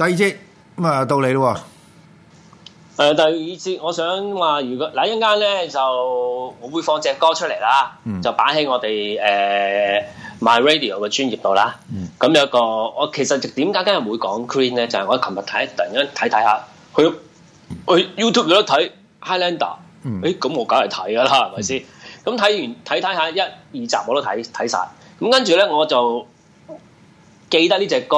第二節咁啊到你咯喎！誒，第二節我想話如果嗱一陣間咧就我會放隻歌出嚟啦，嗯、就擺喺我哋誒、呃、My Radio 嘅專業度啦。咁、嗯、有一個我其實點解今日會講 Queen 咧？就係、是、我琴日睇突然間睇睇下看看去、嗯、我去 YouTube 度、嗯欸嗯嗯、一睇 Highlander 誒，咁我梗係睇噶啦，係咪先？咁睇完睇睇下一二集我都睇睇晒，咁跟住咧我就記得呢隻歌。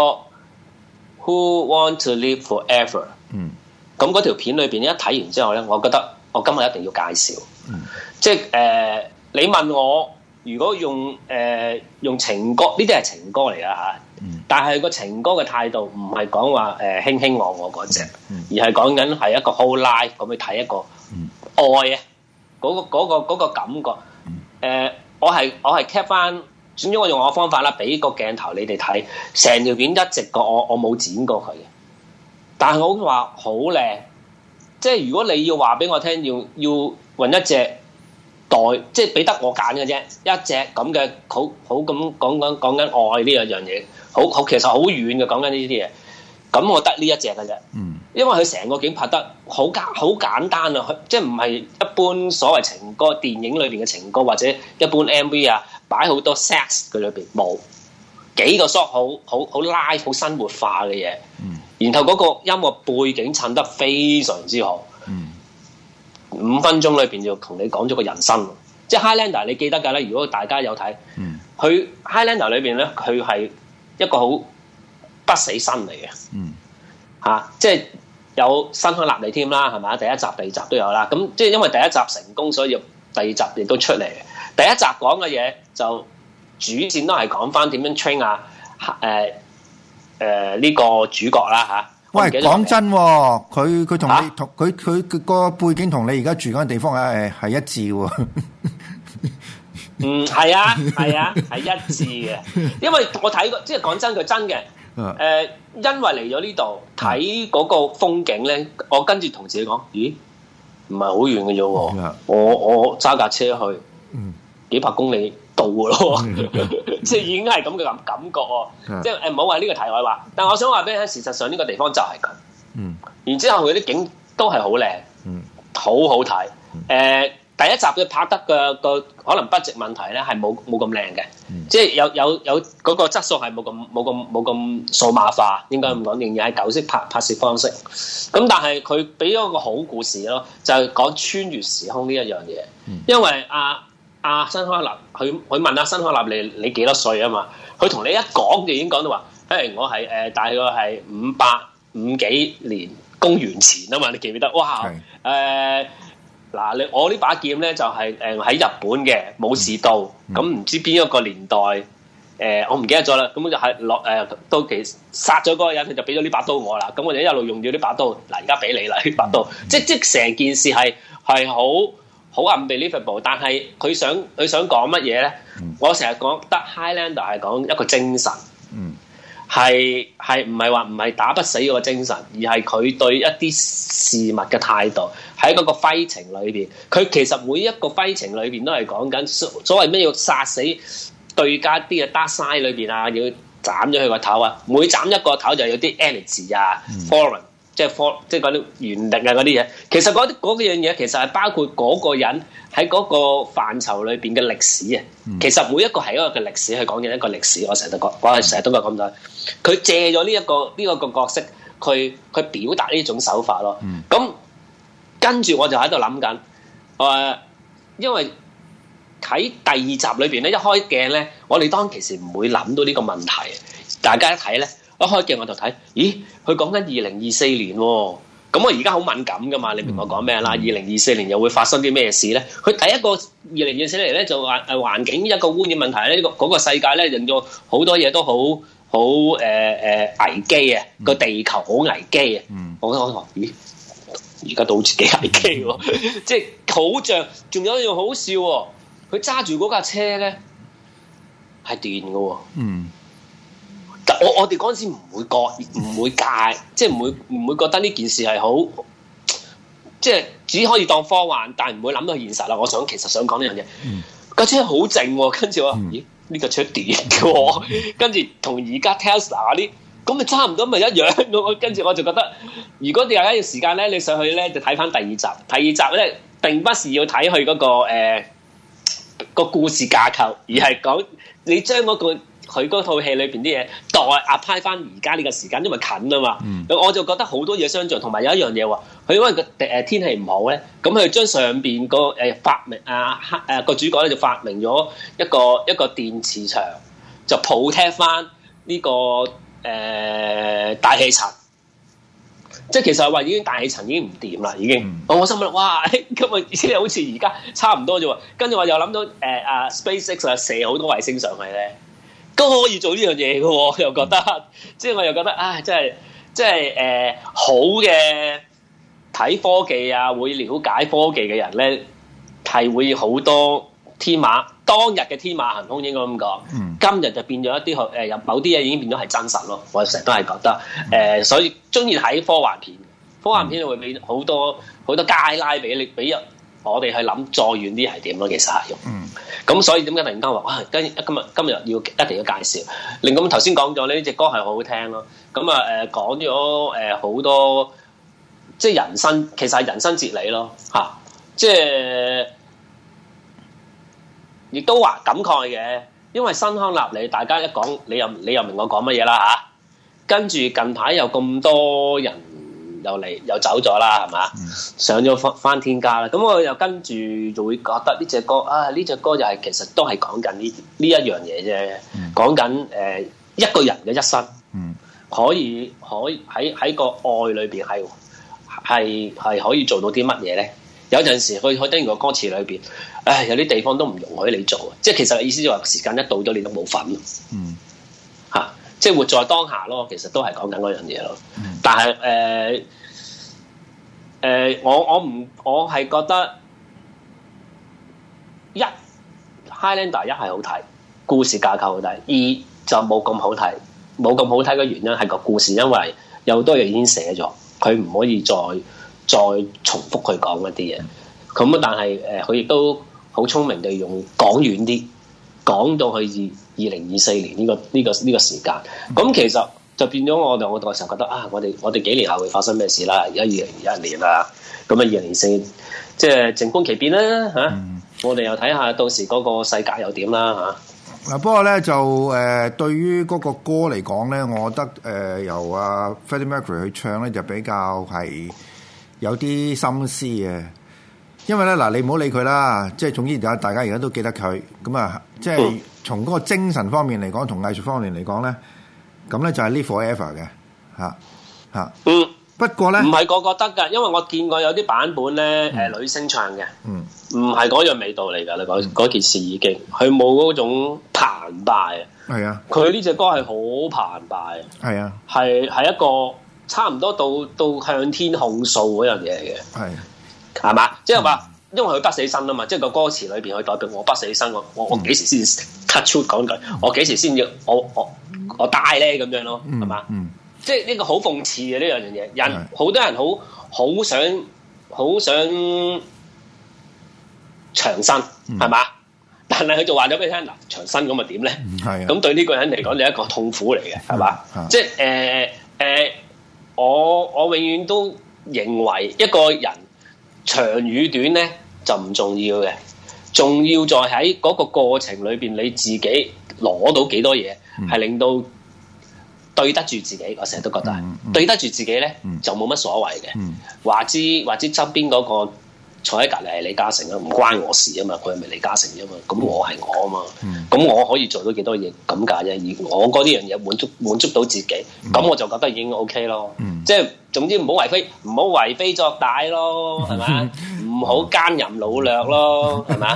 Who want to live forever？嗯，咁嗰條片裏邊一睇完之後咧，我覺得我今日一定要介紹。嗯，即係誒、呃，你問我如果用誒、呃、用情歌，呢啲係情歌嚟㗎吓。但係個情歌嘅態度唔係講話誒卿卿我我嗰隻、嗯，而係講緊係一個 whole life 咁去睇一個愛啊嗰、嗯嗰個嗰、嗰個嗰個、感覺。誒、嗯呃，我係我係 cap 翻。總之我用我方法啦，俾個鏡頭你哋睇，成條片一直個我我冇剪過佢嘅，但係我話好靚，即係如果你要話俾我聽，要要揾一隻袋，即係俾得我揀嘅啫，一隻咁嘅好好咁講講講緊愛呢樣嘢，好好，好其實好遠嘅講緊呢啲嘢，咁我得呢一隻嘅啫，嗯，因為佢成個景拍得好簡好簡單啊，即係唔係一般所謂情歌電影裏邊嘅情歌或者一般 MV 啊。擺好多 sex 佢裏邊冇幾個 shot 好好好 live 好生活化嘅嘢、嗯，然後嗰個音樂背景襯得非常之好、嗯。五分鐘裏邊就同你講咗個人生，即係 Highlander 你記得噶啦，如果大家有睇，佢、嗯、Highlander 裏邊咧，佢係一個好不死身嚟嘅，吓、嗯啊，即係有新香立你添啦，係嘛，第一集、第二集都有啦。咁即係因為第一集成功，所以第二集亦都出嚟。第一集講嘅嘢就主線都係講翻點樣 train 啊，誒誒呢個主角啦吓。喂，講真、啊，佢佢同你同佢佢個背景同你而家住嗰個地方係係一致。嗯，係啊，係啊，係一致嘅、 呃。因為我睇過，即係講真，佢真嘅。誒，因為嚟咗呢度睇嗰個風景咧，我跟住同自己講，咦，唔係好遠嘅啫。我我揸架車去。嗯幾百公里到咯，即 係已經係咁嘅感感覺哦。 即係誒，唔好話呢個題外話，但係我想話俾你聽，事實上呢個地方就係咁。嗯，然之後佢啲景都係好靚，嗯，好看，好好睇。誒，第一集嘅拍得嘅個可能預算問題咧，係冇冇咁靚嘅，嗯、即係有有有嗰個質素係冇咁冇咁冇咁數碼化，應該唔講、嗯、仍然係舊式拍拍攝方式。咁、嗯、但係佢俾咗個好故事咯，就係講穿越時空呢一樣嘢，嗯、因為阿。啊阿、啊、新康立，佢佢問啊，新康立你你幾多歲啊嘛？佢同你一講就已經講到話，誒我係誒、呃、大概係五百五幾年公元前啊嘛，你記唔記得？哇誒嗱你，我呢把劍咧就係誒喺日本嘅武士刀，咁唔、嗯嗯嗯、知邊一個年代誒、呃、我唔記得咗啦，咁就係落，誒到其殺咗嗰個人，就俾咗呢把刀我啦。咁我哋一路用住呢把刀，嗱而家俾你啦，呢把刀，嗯、即即成件事係係好。好 v a 呢 l e 但係佢想佢想講乜嘢咧？我成日講得 Highlander 係講一個精神，係係唔係話唔係打不死嗰個精神，而係佢對一啲事物嘅態度喺嗰個揮情裏面，佢其實每一個揮情裏面都係講緊所所謂咩要殺死對家啲嘅，die 曬裏邊啊，要斬咗佢個頭啊，每斬一個頭就有啲 energy 啊、嗯、，foreign。即係科，啲原力啊，嗰啲嘢。其實嗰啲嗰樣嘢，其實係包括嗰個人喺嗰個範疇裏邊嘅歷史啊。嗯、其實每一個係一個嘅歷史，去講嘅一個歷史。我成日都講，我係成日都咁講。佢借咗呢一個呢一，這個角色，去佢表達呢種手法咯。咁跟住我就喺度諗緊，誒、呃，因為喺第二集裏邊咧，一開鏡咧，我哋當其時唔會諗到呢個問題。大家一睇咧。一開鏡我就睇，咦？佢講緊二零二四年，哦，咁我而家好敏感噶嘛？你明我講咩啦？二零二四年又會發生啲咩事咧？佢第一個二零二四年咧就話誒，環境一個污染問題咧，呢、嗰個世界咧，令到好多嘢都好好誒誒危機啊！個地球好危機啊！我覺得我咦？而家都好似幾危機喎，即係好像。仲有一樣好笑，佢揸住嗰架車咧係電嘅，嗯。 我我哋嗰陣時唔會覺唔會介， 即係唔會唔會覺得呢件事係好，即係只可以當科幻，但係唔會諗到現實啦。我想其實想講呢樣嘢， 個車好靜，跟住我咦呢個出點嘅，跟住同而家 Tesla 啲，咁咪差唔多咪一樣咯，啊。跟住我就覺得，如果大家有一段時間咧，你上去咧就睇翻。第二集，第二集咧並不是要睇佢嗰個誒個、呃、故事架構，而係講你將嗰、那個。佢嗰套戲裏邊啲嘢代 apply 翻而家呢個時間，time, 因為近啊嘛、嗯，我就覺得好多嘢相像，同埋有一樣嘢喎。佢因為個誒天氣唔好咧，咁佢將上邊個誒發明啊黑誒個主角咧就發明咗一個一個電磁場，就補踢翻呢個誒、啊、大氣層。即係其實話已經大氣層已經唔掂啦，已經我心諗哇，今日意思好似而家差唔多啫喎。跟住我又諗到誒阿 SpaceX 啊，啊 SpaceX 射好多衛星上去咧。都可以做呢樣嘢嘅，我又覺得，即係我又覺得，唉，真係，即係誒好嘅睇科技啊，會瞭解科技嘅人咧，係會好多天馬當日嘅天馬行空，應該咁講。嗯、今日就變咗一啲學誒入某啲嘢已經變咗係真實咯。我成日都係覺得，誒、呃，所以中意睇科幻片，科幻片會俾好多好、嗯、多芥辣俾你，俾我哋去諗再遠啲係點咯。其實係用。嗯咁所以點解突然間話哇？跟、啊、今日今日要一定要介紹，另外頭先講咗呢隻歌係好好聽咯、啊。咁啊誒講咗誒好多，即係人生其實係人生哲理咯嚇、啊，即係亦都話感慨嘅，因為新康納你，大家一講你又你又明我講乜嘢啦嚇。跟住近排又咁多人。又嚟又走咗啦，係嘛、嗯？上咗返返天家啦，咁我又跟住就會覺得呢隻歌啊，呢隻歌就係、是、其實都係講緊呢呢一樣嘢啫，講緊誒一個人嘅一生，嗯、可以可以喺喺個愛裏邊係係係可以做到啲乜嘢咧？有陣時去去睇完個歌詞裏邊，唉、哎，有啲地方都唔容許你做啊！即係其實意思就話時間一到咗，你都冇份嗯，嚇、啊。即係活在當下咯，其實都係講緊嗰樣嘢咯。但係誒誒，我我唔我係覺得一《Highlander》一係好睇，故事架構好睇；二就冇咁好睇，冇咁好睇嘅原因係個故事，因為有好多嘢已經寫咗，佢唔可以再再重複去講一啲嘢。咁啊，但係誒，佢、呃、亦都好聰明地用講遠啲，講到去二。二零二四年呢、呢個呢、呢個呢、呢個時間，咁、嗯、其實就變咗我哋我個時候覺得啊，我哋我哋幾年後會發生咩事啦？而家二零二一年啦，咁啊二零二四，即係靜觀其變啦嚇。啊嗯、我哋又睇下到時嗰個世界又點啦嚇。嗱、啊啊、不過咧就誒、呃，對於嗰個歌嚟講咧，我覺得誒、呃、由阿、啊、Freddie Mercury 去唱咧就比較係有啲心思嘅。因為咧嗱、啊，你唔好理佢啦，即係總之而家大家而家都記得佢咁啊，即係。嗯從嗰個精神方面嚟講，同藝術方面嚟講咧，咁咧就係 live forever 嘅嚇嚇。嗯，不過咧，唔係個個得㗎，因為我見過有啲版本咧，誒、呃、女聲唱嘅，唔係嗰樣的味道嚟㗎。你講嗰件事已經佢冇嗰種澎湃啊，係啊，佢呢隻歌係好澎湃啊，係啊，係係一個差唔多到到向天控訴嗰樣嘢嘅，係係嘛？即係話，因為佢不死身啊嘛，即係個歌詞裏邊可以代表我不死身，我我我幾時先 c 講句，我幾時先要我我我大咧咁樣咯，係嘛、嗯嗯？即係呢、呢個好諷刺嘅呢樣嘢，人好多人好好想好想長生係嘛、嗯？但係佢就話咗俾你聽，嗱長生咁啊點咧？咁對呢個人嚟講你係一個痛苦嚟嘅係嘛？即係、呃呃、我我永遠都認為一個人長與短咧就唔重要嘅。仲要再喺嗰個過程裏邊，你自己攞到幾多嘢，係、嗯、令到對得住自己。我成日都覺得、嗯嗯，對得住自己咧、嗯，就冇乜所謂嘅。話之話之，側邊嗰個坐喺隔離係李嘉誠啊，唔關我事啊嘛，佢係咪李嘉誠啊嘛？咁我係我啊嘛，咁、嗯、我可以做到幾多嘢咁解啫？而我嗰啲樣嘢滿足滿足到自己，咁我就覺得已經 OK 咯。即、嗯、係總之唔好為非，唔好為非作歹咯，係咪？ 好奸淫老略咯，係 咪是吧？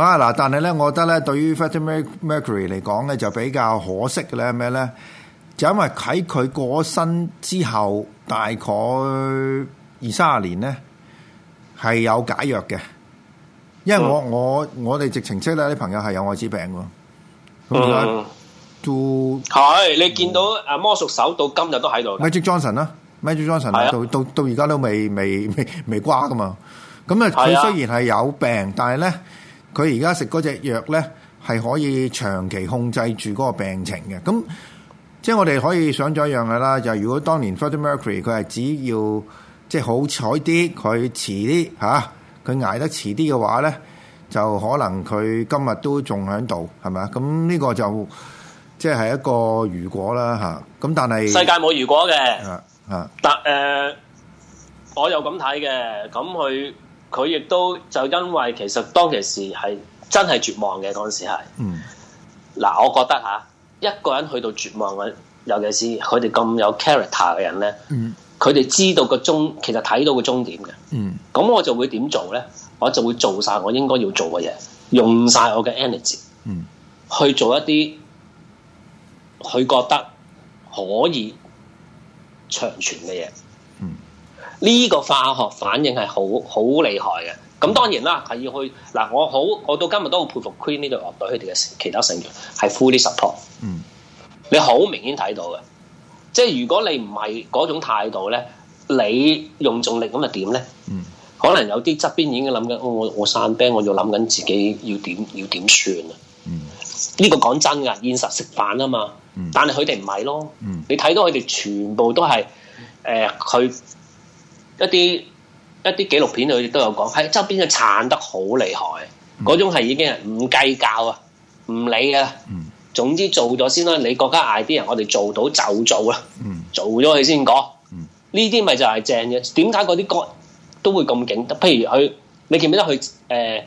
啊嗱！但係咧，我覺得咧，對於 Freddie Mercury 嚟講咧，就比較可惜嘅咧咩咧？就因為喺佢過身之後，大概二卅年咧，係有解藥嘅。因為我、嗯、我我哋直情識咧啲朋友係有艾滋病嘅，咁都係你見到阿魔術手到今日都喺度，Magic Johnson 啦、啊、Magic Johnson、啊啊、到到到而家都未未未未瓜噶嘛。咁啊！佢雖然係有病，啊、但係咧，佢而家食嗰隻藥咧，係可以長期控制住嗰個病情嘅。咁即係我哋可以想像一樣嘅啦。就係、如果當年 Freddie Mercury 佢係只要即係好彩啲，佢遲啲嚇，佢、啊、捱得遲啲嘅話咧，就可能佢今日都仲喺度，係咪啊？咁呢個就即係一個如果啦咁、啊、但係世界冇如果嘅。啊啊、但誒、呃，我又咁睇嘅。咁佢。佢亦都就因為其實當其時係真係絕望嘅陣時係，嗯，嗱，我覺得吓、啊、一個人去到絕望嘅，尤其是佢哋咁有 character 嘅人咧，嗯，佢哋知道個終，其實睇到個終點嘅，嗯，咁我就會點做咧？我就會做曬我應該要做嘅嘢，用曬我嘅 energy，嗯去做一啲佢覺得可以長存嘅嘢。呢、這個化學反應係好好厲害嘅，咁當然啦，係要去嗱，我好，我到今日都好佩服 Queen 呢隊樂隊，佢哋嘅其他成員，係 fully support。嗯，你好明顯睇到嘅，即係如果你唔係嗰種態度咧，你用重力咁又點咧？嗯，可能有啲側邊已經諗緊、哦，我我散 band，我要諗緊自己要點要點算啊。嗯，呢個講真㗎，現實食飯啊嘛。嗯，但係佢哋唔係咯。嗯，你睇到佢哋全部都係誒佢。呃一啲一啲紀錄片佢都有講，喺側邊嘅撐得好厲害，嗰、嗯、種係已經係唔計較啊，唔理啊，總之做咗先啦。你國家 idea，我哋做到就做啦、嗯，做咗佢先講。呢啲咪就係正嘅。點解嗰啲歌都會咁勁？譬如佢，你記唔記得佢誒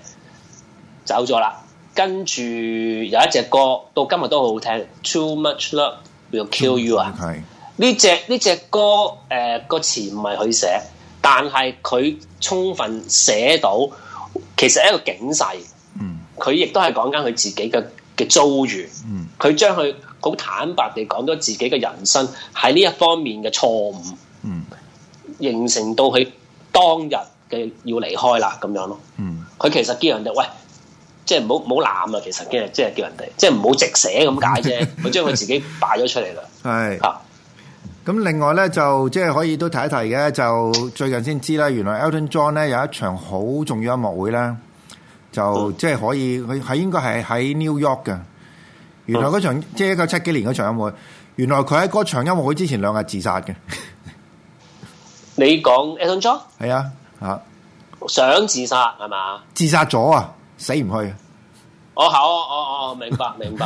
走咗啦？跟住有一隻歌到今日都好好聽、嗯、Too Much Love Will Kill You 啊、okay.！呢隻呢隻歌誒個、呃、詞唔係佢寫。但係佢充分寫到，其實係一個警世。嗯，佢亦都係講緊佢自己嘅嘅遭遇。嗯，佢將佢好坦白地講咗自己嘅人生喺呢一方面嘅錯誤。嗯，形成到佢當日嘅要離開啦咁樣咯。嗯，佢其實叫人哋喂，即係唔好唔好濫啊！其實嘅即係叫人哋，即係唔好直寫咁解啫。佢將佢自己擺咗出嚟啦。係啊。咁另外咧，就即係可以都提一提嘅，就最近先知啦。原來 Elton John 咧，有一場好重要音樂會咧，嗯,就即係可以佢喺應該係喺 New York 嘅。原來嗰場即係一九七幾年嗰場音樂會，原來佢喺嗰場音樂會之前兩日自殺嘅。你講 Elton John？係啊，吓，想自殺係嘛？自殺咗啊，死唔去。我、oh, 好、oh, oh, oh, oh, oh，我我明白明白，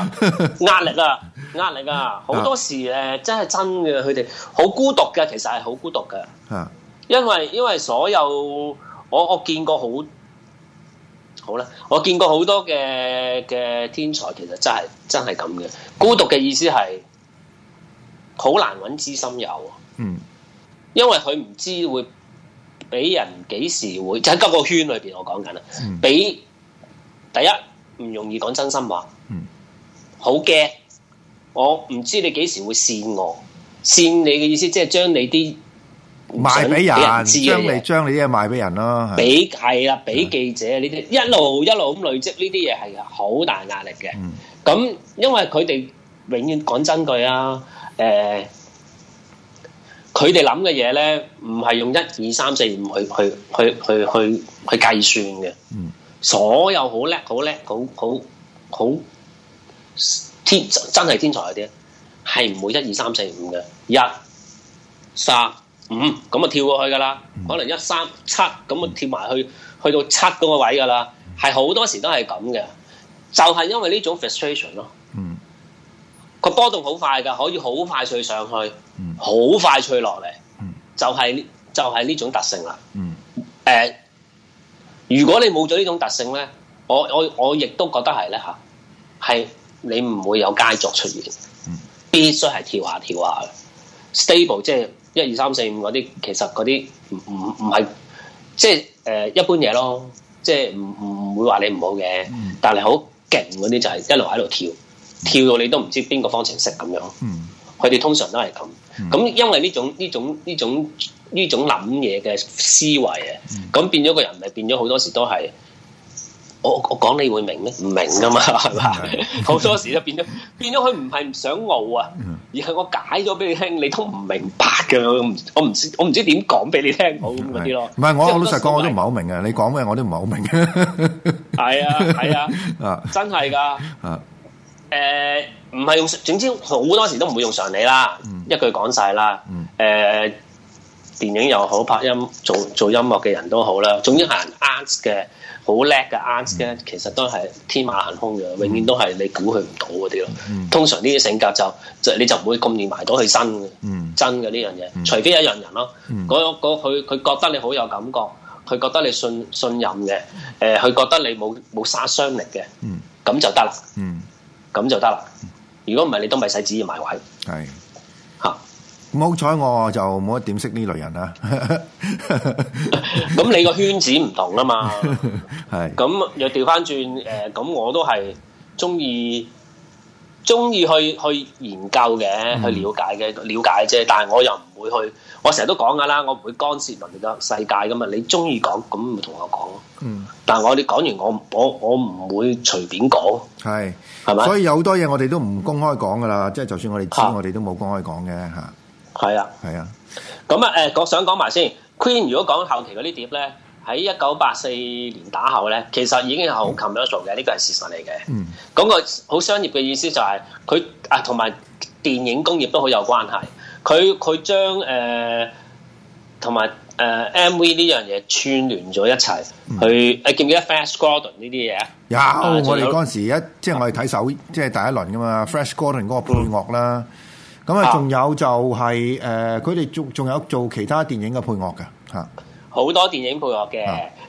壓 力啦、啊，壓力噶、啊，好多時呢真係真嘅，佢哋好孤獨嘅，其實係好孤獨嘅。因為因為所有我我見過好，好啦，我見過好見過多嘅嘅天才，其實真係真係咁嘅。孤獨嘅意思係好難揾知心友。嗯，因為佢唔知會俾人幾時會，就喺嗰個圈裏邊，我講緊啦，俾第一。唔容易講真心話。嗯，好驚，我唔知你幾時會扇我，扇你嘅意思即係將你啲賣俾人，將你將你啲嘢賣俾人咯。俾係啦，俾記者呢啲一路一路咁累積呢啲嘢係好大壓力嘅。咁、嗯、因為佢哋永遠講真句啊，誒、欸，佢哋諗嘅嘢咧唔係用一二三四五去去去去去去計算嘅。嗯。所有好叻、好叻、好好好天真係天才嗰啲，係唔會一二三四五嘅一、三、五咁啊跳過去噶啦、嗯，可能一三七咁啊跳埋去、嗯、去到七嗰個位噶啦，係好多時都係咁嘅，就係、是、因為呢種 frustration 咯、嗯就是就是。嗯，佢波動好快噶，可以好快脆上去，好快脆落嚟。就係就係呢種特性啦。嗯，誒、呃。如果你冇咗呢種特性咧，我我我亦都覺得係咧吓，係你唔會有佳作出現，必須係跳下跳下 Stable，即係一二三四五嗰啲，其實嗰啲唔唔唔係即係誒一般嘢咯，即係唔唔唔會話你唔好嘅，但係好勁嗰啲就係一路喺度跳，跳到你都唔知邊個方程式咁樣，佢哋通常都係咁，咁因為呢種呢種呢種。呢種諗嘢嘅思維啊，咁、嗯、變咗個人，咪變咗好多時都係我我講你會明咩？唔明噶嘛，係嘛？好 多時就變咗，變咗佢唔係唔想傲啊、嗯，而係我解咗俾你聽，你都唔明白嘅。我唔知我唔知點講俾你聽好嗰啲咯。唔係，我老實講，我都唔係好明嘅。你講咩我都唔係好明 。係啊係啊真係㗎啊！唔、呃、係用總之好多時都唔會用常理啦，嗯、一句講晒啦，誒、嗯。呃電影又好，拍音做做音樂嘅人都好啦。總之係 art 嘅，好叻嘅 art 嘅，其實都係天馬行空嘅，永遠都係你估佢唔到嗰啲咯。通常呢啲性格就就你就唔會咁易埋到佢身嘅，真嘅呢樣嘢。除非一樣人咯，佢、嗯、佢覺得你好有感覺，佢覺得你信信任嘅，誒、呃、佢覺得你冇冇殺傷力嘅，咁、嗯、就得啦。咁、嗯、就得啦。如果唔係，不你都咪使旨意埋位。係。唔好彩，我就冇一點識呢類人啦。咁你個圈子唔同啊嘛。係 。咁又調翻轉誒，咁我都係中意中意去去研究嘅，去了解嘅了解啫。但係我又唔會去。我成日都講噶啦，我唔會干涉人哋個世界噶嘛。你中意講，咁咪同我講。嗯。但係我哋講完，我我我唔會隨便講。係。係咪？所以有好多嘢我哋都唔公開講噶啦。即係就算我哋知，啊、我哋都冇公開講嘅吓。係啊，係啊。咁啊，誒、呃，我想講埋先。Queen 如果講後期嗰啲碟咧，喺一九八四年打後咧，其實已經係好 commercial 嘅，呢個係事實嚟嘅。嗯。講、嗯那個好商業嘅意思就係、是，佢啊同埋電影工業都好有關係。佢佢將誒同埋誒 M V 呢樣嘢串聯咗一齊、嗯、去。誒、啊，記唔記得 Flash Gordon 呢啲嘢啊？有，嗯、有我哋嗰時一即係我哋睇首即係第一輪㗎嘛、啊、，Flash Gordon 嗰個配樂啦。嗯咁、就是、啊，仲、呃、有就係誒，佢哋仲仲有做其他電影嘅配樂嘅吓，好、啊、多電影配樂嘅，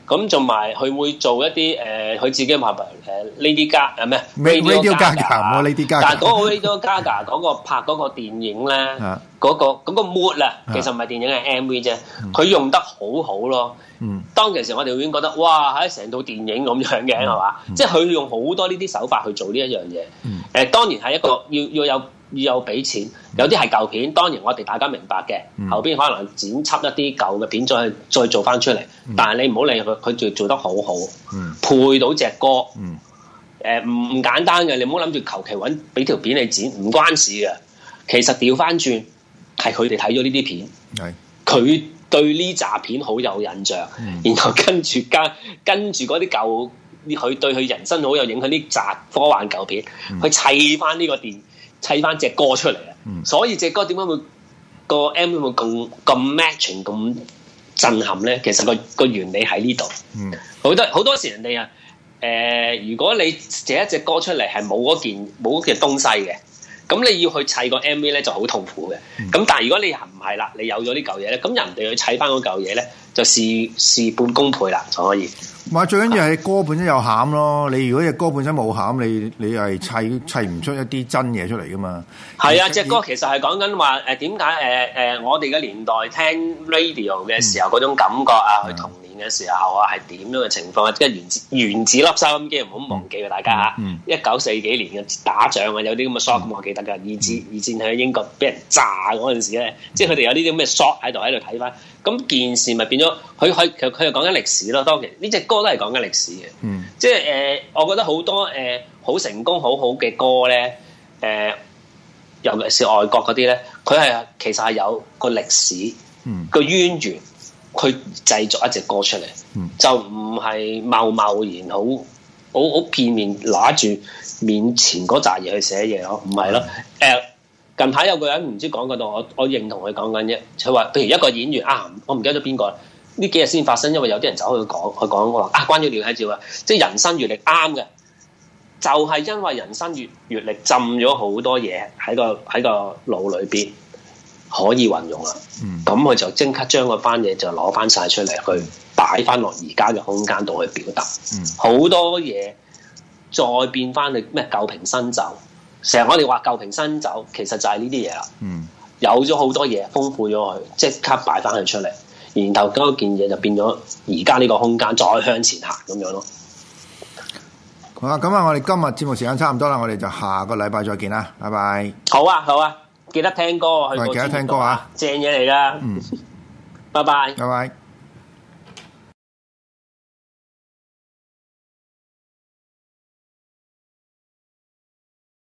咁仲埋佢會做一啲誒，佢、呃、自己話誒呢啲家啊咩？呢啲加噶，呢啲加。但嗰個 Lady Gaga 嗰、那個 那個拍嗰個電影咧，嗰、啊那個咁、那個 mood 啊，其實唔係電影係 MV 啫。佢、啊、用得好好咯。嗯，當其時我哋會唔會覺得哇，係成套電影咁樣嘅係嘛？即係佢用好多呢啲手法去做呢一樣嘢。誒、嗯啊，當然係一個、嗯、要要有。要有俾錢，有啲係舊片，當然我哋大家明白嘅，嗯。後邊可能剪輯一啲舊嘅片，再再做翻出嚟，嗯。但係你唔好理佢，佢就做得好好，嗯，配到隻歌，誒唔唔簡單嘅。你唔好諗住求其揾俾條片你剪，唔關事嘅。其實調翻轉係佢哋睇咗呢啲片，佢對呢紮片好有印象，嗯、然後跟住跟跟住嗰啲舊，佢對佢人生好有影響。呢紮科幻舊片去、嗯、砌翻呢個電，砌翻隻歌出嚟啊！所以隻歌點解會、個 M V 會咁咁 matching 咁震撼咧？其實個個原理喺呢度。好、嗯、多好多時人哋啊，誒、呃，如果你整一隻歌出嚟係冇嗰件冇嗰件東西嘅，咁你要去砌個 M V 咧就好痛苦嘅。咁、嗯、但係如果你又唔係啦，你有咗呢嚿嘢咧，咁人哋去砌翻嗰嚿嘢咧。就事事半功倍啦，就可以。唔係最緊要係歌本身有餡咯、啊。你如果隻歌本身冇餡，你你係砌砌唔出一啲真嘢出嚟噶嘛？係啊，隻歌其實係講緊話誒點解誒誒我哋嘅年代聽 radio 嘅時候嗰、嗯、種感覺啊，去同。嘅時候啊，係點樣嘅情況啊？跟原子原子粒收音機唔好忘記啊，大家嚇、嗯嗯。一九四幾年嘅打仗啊，有啲咁嘅 shot，咁我記得噶。二戰二戰喺英國俾人炸嗰陣時咧、嗯，即係佢哋有呢啲咁嘅 shot 喺度喺度睇翻。咁件事咪變咗佢喺佢又講緊歷史咯。當其呢隻歌都係講緊歷史嘅、嗯。即係誒、呃，我覺得好多誒好、呃、成功好好好嘅歌咧，誒、呃，尤其是外國嗰啲咧，佢係其實係有個歷史，個淵源。嗯。佢製作一隻歌出嚟、嗯，就唔係貿貿然好好好片面攞住面前嗰扎嘢去寫嘢咯，唔係咯。誒、嗯呃，近排有個人唔知道講嗰度，我我認同佢講緊啫。佢話，譬如一個演員啊，我唔記得咗邊個呢幾日先發生，因為有啲人走去講，佢講我話啊，關於廖啟智啊，即、就、係、是、人生閱歷啱嘅，就係、是、因為人生閱閱歷浸咗好多嘢喺個喺個腦裏邊。可以運用啦，咁佢就即刻將嗰班嘢就攞翻晒出嚟，去擺翻落而家嘅空間度去表達。好多嘢再變翻去咩舊瓶新酒，成日我哋話舊瓶新酒，其實就係呢啲嘢啦。有咗好多嘢豐富咗佢，即刻擺翻佢出嚟，然後嗰件嘢就變咗而家呢個空間再向前行咁樣咯。好啊，咁啊，我哋今日節目時間差唔多啦，我哋就下個禮拜再見啦，拜拜。好啊，好啊。記得聽歌，嚟記得聽歌啊！正嘢嚟㗎，嗯，拜拜，拜拜。